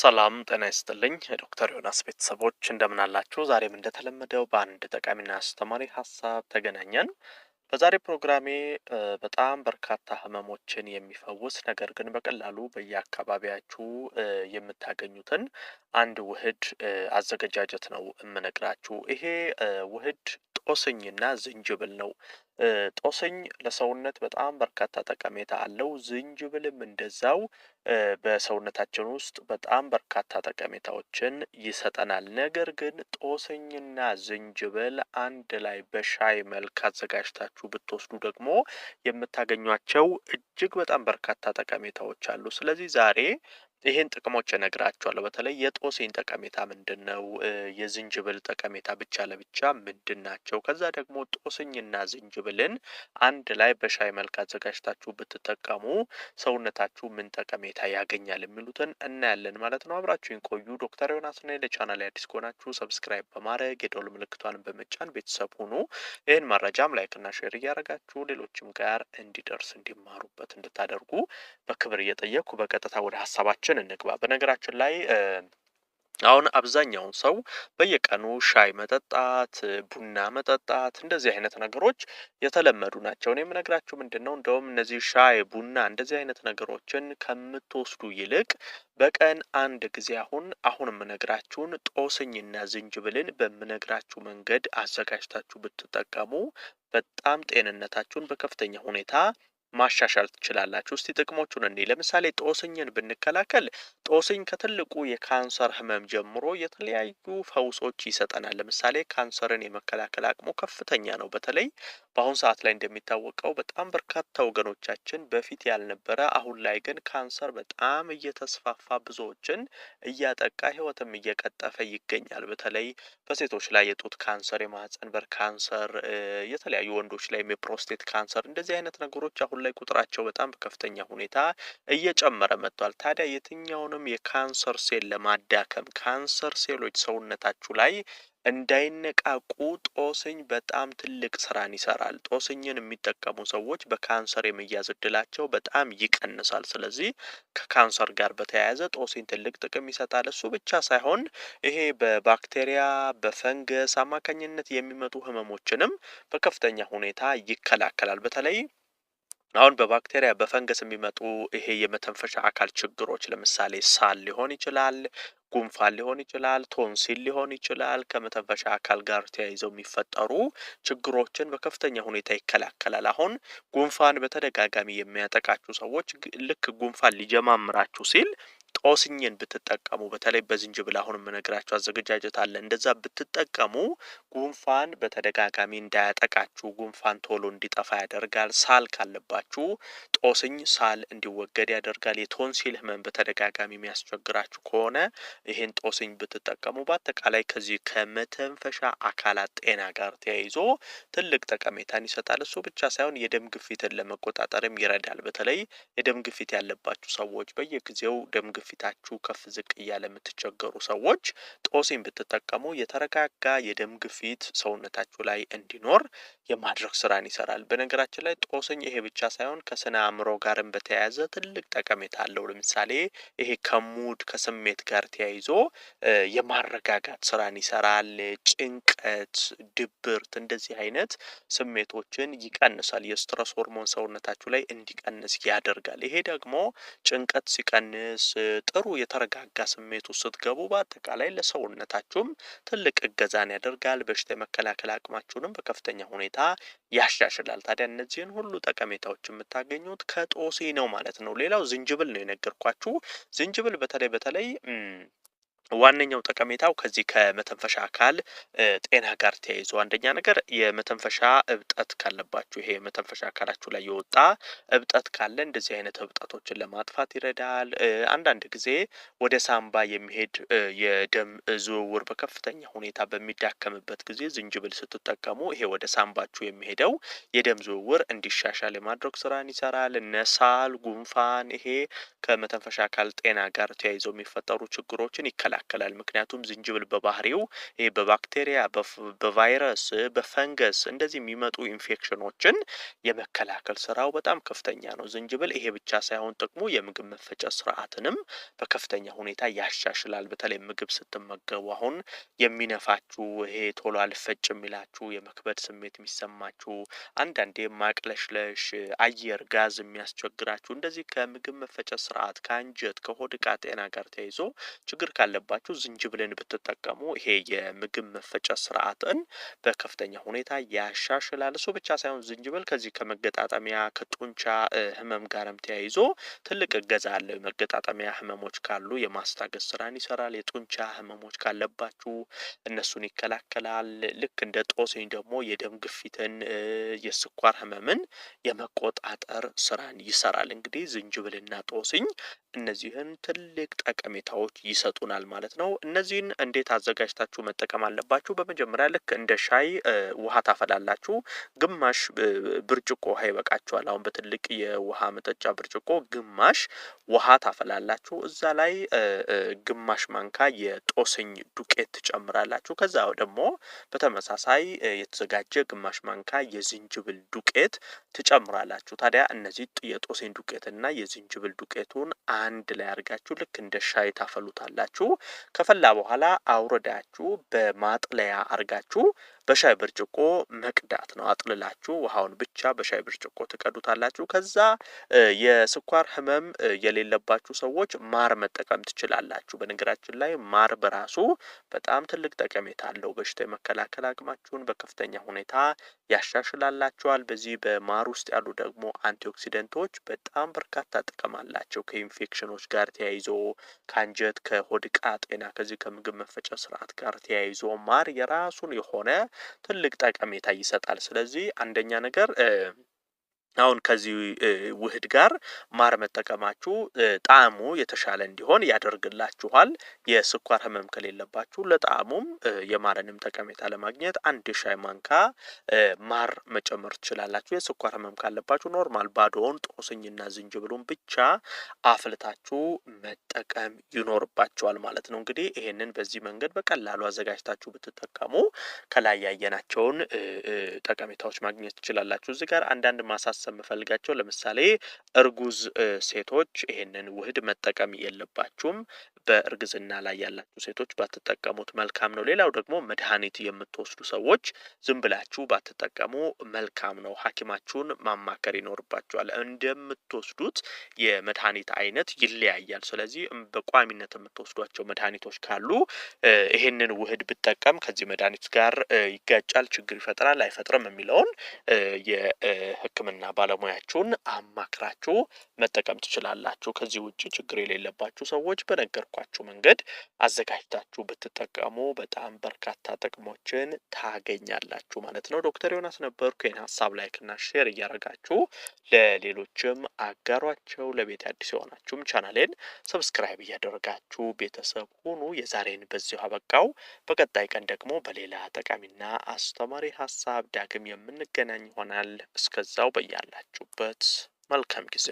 ሰላም ጤና ይስጥልኝ ዶክተር ዮናስ ቤተሰቦች እንደምናላችሁ። ዛሬም እንደተለመደው በአንድ ጠቃሚና አስተማሪ ሀሳብ ተገናኘን። በዛሬ ፕሮግራሜ በጣም በርካታ ህመሞችን የሚፈውስ ነገር ግን በቀላሉ በየአካባቢያችሁ የምታገኙትን አንድ ውህድ አዘገጃጀት ነው የምነግራችሁ። ይሄ ውህድ ጦስኝና ዝንጅብል ነው። ጦስኝ ለሰውነት በጣም በርካታ ጠቀሜታ አለው። ዝንጅብልም እንደዛው በሰውነታችን ውስጥ በጣም በርካታ ጠቀሜታዎችን ይሰጠናል። ነገር ግን ጦስኝና ዝንጅብል አንድ ላይ በሻይ መልክ አዘጋጅታችሁ ብትወስዱ ደግሞ የምታገኟቸው እጅግ በጣም በርካታ ጠቀሜታዎች አሉ። ስለዚህ ዛሬ ይህን ጥቅሞች እነግራችኋለሁ። በተለይ የጦስኝ ጠቀሜታ ምንድን ነው? የዝንጅብል ጠቀሜታ ብቻ ለብቻ ምንድን ናቸው? ከዛ ደግሞ ጦስኝና ዝንጅብልን አንድ ላይ በሻይ መልክ አዘጋጅታችሁ ብትጠቀሙ ሰውነታችሁ ምን ጠቀሜታ ያገኛል የሚሉትን እናያለን ማለት ነው። አብራችሁን ቆዩ። ዶክተር ዮናስ ነኝ። ለቻናል አዲስ ከሆናችሁ ሰብስክራይብ በማድረግ የደወል ምልክቷን በመጫን ቤተሰብ ሁኑ። ይህን መረጃም ላይክና ሼር እያደረጋችሁ ሌሎችም ጋር እንዲደርስ እንዲማሩበት እንድታደርጉ በክብር እየጠየቅኩ በቀጥታ ወደ ሀሳባችን ነገሮችን እንግባ። በነገራችን ላይ አሁን አብዛኛውን ሰው በየቀኑ ሻይ መጠጣት፣ ቡና መጠጣት እንደዚህ አይነት ነገሮች የተለመዱ ናቸው። እኔ የምነግራችሁ ምንድን ነው እንደውም እነዚህ ሻይ፣ ቡና እንደዚህ አይነት ነገሮችን ከምትወስዱ ይልቅ በቀን አንድ ጊዜ አሁን አሁን የምነግራችሁን ጦስኝና ዝንጅብልን በምነግራችሁ መንገድ አዘጋጅታችሁ ብትጠቀሙ በጣም ጤንነታችሁን በከፍተኛ ሁኔታ ማሻሻል ትችላላችሁ። እስቲ ጥቅሞቹን እኔ ለምሳሌ ጦስኝን ብንከላከል ጦስኝ ከትልቁ የካንሰር ህመም ጀምሮ የተለያዩ ፈውሶች ይሰጠናል። ለምሳሌ ካንሰርን የመከላከል አቅሙ ከፍተኛ ነው። በተለይ በአሁን ሰዓት ላይ እንደሚታወቀው በጣም በርካታ ወገኖቻችን በፊት ያልነበረ አሁን ላይ ግን ካንሰር በጣም እየተስፋፋ ብዙዎችን እያጠቃ ህይወትም እየቀጠፈ ይገኛል። በተለይ በሴቶች ላይ የጡት ካንሰር፣ የማህፀን በር ካንሰር፣ የተለያዩ ወንዶች ላይ የፕሮስቴት ካንሰር እንደዚህ አይነት ነገሮች አሁን ላይ ቁጥራቸው በጣም በከፍተኛ ሁኔታ እየጨመረ መጥቷል። ታዲያ የትኛውንም የካንሰር ሴል ለማዳከም ካንሰር ሴሎች ሰውነታችሁ ላይ እንዳይነቃቁ ጦስኝ በጣም ትልቅ ስራን ይሰራል። ጦስኝን የሚጠቀሙ ሰዎች በካንሰር የመያዝ እድላቸው በጣም ይቀንሳል። ስለዚህ ከካንሰር ጋር በተያያዘ ጦስኝ ትልቅ ጥቅም ይሰጣል። እሱ ብቻ ሳይሆን ይሄ በባክቴሪያ በፈንገስ አማካኝነት የሚመጡ ህመሞችንም በከፍተኛ ሁኔታ ይከላከላል። በተለይ አሁን በባክቴሪያ በፈንገስ የሚመጡ ይሄ የመተንፈሻ አካል ችግሮች ለምሳሌ ሳል ሊሆን ይችላል፣ ጉንፋን ሊሆን ይችላል፣ ቶንሲል ሊሆን ይችላል። ከመተንፈሻ አካል ጋር ተያይዘው የሚፈጠሩ ችግሮችን በከፍተኛ ሁኔታ ይከላከላል። አሁን ጉንፋን በተደጋጋሚ የሚያጠቃችሁ ሰዎች ልክ ጉንፋን ሊጀማምራችሁ ሲል ጦስኝን ብትጠቀሙ በተለይ በዝንጅብል አሁን የምነግራችሁ አዘገጃጀት አለ። እንደዛ ብትጠቀሙ ጉንፋን በተደጋጋሚ እንዳያጠቃችሁ፣ ጉንፋን ቶሎ እንዲጠፋ ያደርጋል። ሳል ካለባችሁ ጦስኝ ሳል እንዲወገድ ያደርጋል። የቶንሲል ህመም በተደጋጋሚ የሚያስቸግራችሁ ከሆነ ይህን ጦስኝ ብትጠቀሙ በአጠቃላይ ከዚህ ከመተንፈሻ አካላት ጤና ጋር ተያይዞ ትልቅ ጠቀሜታን ይሰጣል። እሱ ብቻ ሳይሆን የደም ግፊትን ለመቆጣጠርም ይረዳል። በተለይ የደም ግፊት ያለባችሁ ሰዎች በየጊዜው ደም ግፊት ግፊታችሁ ከፍ ዝቅ እያለ የምትቸገሩ ሰዎች ጦሲን ብትጠቀሙ የተረጋጋ የደም ግፊት ሰውነታችሁ ላይ እንዲኖር የማድረግ ስራን ይሰራል። በነገራችን ላይ ጦስኝ ይሄ ብቻ ሳይሆን ከስነ አእምሮ ጋርም በተያያዘ ትልቅ ጠቀሜታ አለው። ለምሳሌ ይሄ ከሙድ ከስሜት ጋር ተያይዞ የማረጋጋት ስራን ይሰራል። ጭንቀት፣ ድብርት እንደዚህ አይነት ስሜቶችን ይቀንሳል። የስትረስ ሆርሞን ሰውነታችሁ ላይ እንዲቀንስ ያደርጋል። ይሄ ደግሞ ጭንቀት ሲቀንስ ጥሩ የተረጋጋ ስሜት ውስጥ ስትገቡ በአጠቃላይ ለሰውነታችሁም ትልቅ እገዛን ያደርጋል። በሽታ የመከላከል አቅማችሁንም በከፍተኛ ሁኔታ ያሻሽላል። ታዲያ እነዚህን ሁሉ ጠቀሜታዎች የምታገኙት ከጦሴ ነው ማለት ነው። ሌላው ዝንጅብል ነው የነገርኳችሁ። ዝንጅብል በተለይ በተለይ ዋነኛው ጠቀሜታው ከዚህ ከመተንፈሻ አካል ጤና ጋር ተያይዞ አንደኛ ነገር የመተንፈሻ እብጠት ካለባችሁ ይሄ የመተንፈሻ አካላችሁ ላይ የወጣ እብጠት ካለ እንደዚህ አይነት እብጠቶችን ለማጥፋት ይረዳል። አንዳንድ ጊዜ ወደ ሳምባ የሚሄድ የደም ዝውውር በከፍተኛ ሁኔታ በሚዳከምበት ጊዜ ዝንጅብል ስትጠቀሙ ይሄ ወደ ሳምባችሁ የሚሄደው የደም ዝውውር እንዲሻሻል የማድረግ ስራን ይሰራል። ነሳል፣ ጉንፋን ይሄ ከመተንፈሻ አካል ጤና ጋር ተያይዘው የሚፈጠሩ ችግሮችን ይከላል። ይከላከላል። ምክንያቱም ዝንጅብል በባህሪው በባክቴሪያ፣ በቫይረስ፣ በፈንገስ እንደዚህ የሚመጡ ኢንፌክሽኖችን የመከላከል ስራው በጣም ከፍተኛ ነው። ዝንጅብል ይሄ ብቻ ሳይሆን ጥቅሙ የምግብ መፈጨት ስርዓትንም በከፍተኛ ሁኔታ ያሻሽላል። በተለይ ምግብ ስትመገቡ አሁን የሚነፋችሁ ይሄ ቶሎ አልፈጭ የሚላችሁ የመክበድ ስሜት የሚሰማችሁ አንዳንዴ ማቅለሽለሽ አየር ጋዝ የሚያስቸግራችሁ እንደዚህ ከምግብ መፈጨት ስርዓት ከአንጀት ከሆድ ዕቃ ጤና ጋር ተያይዞ ችግር ካለ ካለባችሁ ዝንጅብልን ብትጠቀሙ ይሄ የምግብ መፈጫ ስርዓትን በከፍተኛ ሁኔታ ያሻሽላል። እሱ ብቻ ሳይሆን ዝንጅብል ከዚህ ከመገጣጠሚያ ከጡንቻ ህመም ጋርም ተያይዞ ትልቅ እገዛ አለው። የመገጣጠሚያ ህመሞች ካሉ የማስታገስ ስራን ይሰራል። የጡንቻ ህመሞች ካለባችሁ እነሱን ይከላከላል። ልክ እንደ ጦስኝ ደግሞ የደም ግፊትን፣ የስኳር ህመምን የመቆጣጠር ስራን ይሰራል። እንግዲህ ዝንጅብልና ጦስኝ እነዚህን ትልቅ ጠቀሜታዎች ይሰጡናል። ማለት ነው። እነዚህን እንዴት አዘጋጅታችሁ መጠቀም አለባችሁ? በመጀመሪያ ልክ እንደ ሻይ ውሃ ታፈላላችሁ። ግማሽ ብርጭቆ ውሃ ይበቃችኋል። አሁን በትልቅ የውሃ መጠጫ ብርጭቆ ግማሽ ውሃ ታፈላላችሁ። እዛ ላይ ግማሽ ማንካ የጦስኝ ዱቄት ትጨምራላችሁ። ከዛ ደግሞ በተመሳሳይ የተዘጋጀ ግማሽ ማንካ የዝንጅብል ዱቄት ትጨምራላችሁ። ታዲያ እነዚህ የጦስኝ ዱቄትና የዝንጅብል ዱቄቱን አንድ ላይ አድርጋችሁ ልክ እንደ ሻይ ታፈሉታላችሁ። ከፈላ በኋላ አውረዳችሁ በማጥለያ አድርጋችሁ በሻይ ብርጭቆ መቅዳት ነው። አጥልላችሁ ውሃውን ብቻ በሻይ ብርጭቆ ትቀዱታላችሁ። ከዛ የስኳር ህመም የሌለባችሁ ሰዎች ማር መጠቀም ትችላላችሁ። በነገራችን ላይ ማር በራሱ በጣም ትልቅ ጠቀሜታ አለው። በሽታ የመከላከል አቅማችሁን በከፍተኛ ሁኔታ ያሻሽላላችኋል። በዚህ በማር ውስጥ ያሉ ደግሞ አንቲኦክሲደንቶች በጣም በርካታ ጥቅም አላቸው። ከኢንፌክሽኖች ጋር ተያይዞ ከአንጀት፣ ከሆድቃ ጤና፣ ከዚህ ከምግብ መፈጨ ስርዓት ጋር ተያይዞ ማር የራሱን የሆነ ትልቅ ጠቀሜታ ይሰጣል። ስለዚህ አንደኛ ነገር አሁን ከዚህ ውህድ ጋር ማር መጠቀማችሁ ጣዕሙ የተሻለ እንዲሆን ያደርግላችኋል። የስኳር ህመም ከሌለባችሁ ለጣዕሙም የማርንም ጠቀሜታ ለማግኘት አንድ የሻይ ማንካ ማር መጨመር ትችላላችሁ። የስኳር ህመም ካለባችሁ ኖርማል ባዶውን ጦስኝና ዝንጅብሉን ብቻ አፍልታችሁ መጠቀም ይኖርባቸዋል ማለት ነው። እንግዲህ ይሄንን በዚህ መንገድ በቀላሉ አዘጋጅታችሁ ብትጠቀሙ ከላይ ያየናቸውን ጠቀሜታዎች ማግኘት ትችላላችሁ። እዚህ ጋር አንዳንድ ማሳሰ ማሳሰብ የምፈልጋቸው ለምሳሌ እርጉዝ ሴቶች ይህንን ውህድ መጠቀም የለባችሁም። በእርግዝና ላይ ያላችሁ ሴቶች ባትጠቀሙት መልካም ነው። ሌላው ደግሞ መድኃኒት የምትወስዱ ሰዎች ዝም ብላችሁ ባትጠቀሙ መልካም ነው። ሐኪማችሁን ማማከር ይኖርባችኋል። እንደምትወስዱት የመድኃኒት አይነት ይለያያል። ስለዚህ በቋሚነት የምትወስዷቸው መድኃኒቶች ካሉ ይሄንን ውህድ ብጠቀም ከዚህ መድኃኒት ጋር ይጋጫል፣ ችግር ይፈጥራል፣ አይፈጥርም የሚለውን የሕክምና ባለሙያችሁን አማክራችሁ መጠቀም ትችላላችሁ። ከዚህ ውጭ ችግር የሌለባችሁ ሰዎች በነገርኩ ባልኳችሁ መንገድ አዘጋጅታችሁ ብትጠቀሙ በጣም በርካታ ጥቅሞችን ታገኛላችሁ ማለት ነው። ዶክተር ዮናስ ነበርኩ። ይህን ሀሳብ ላይክና ሼር እያደረጋችሁ ለሌሎችም አጋሯቸው። ለቤት አዲስ የሆናችሁም ቻናሌን ሰብስክራይብ እያደረጋችሁ ቤተሰብ ሁኑ። የዛሬን በዚሁ አበቃው። በቀጣይ ቀን ደግሞ በሌላ ጠቃሚና አስተማሪ ሀሳብ ዳግም የምንገናኝ ይሆናል። እስከዛው በያላችሁበት መልካም ጊዜ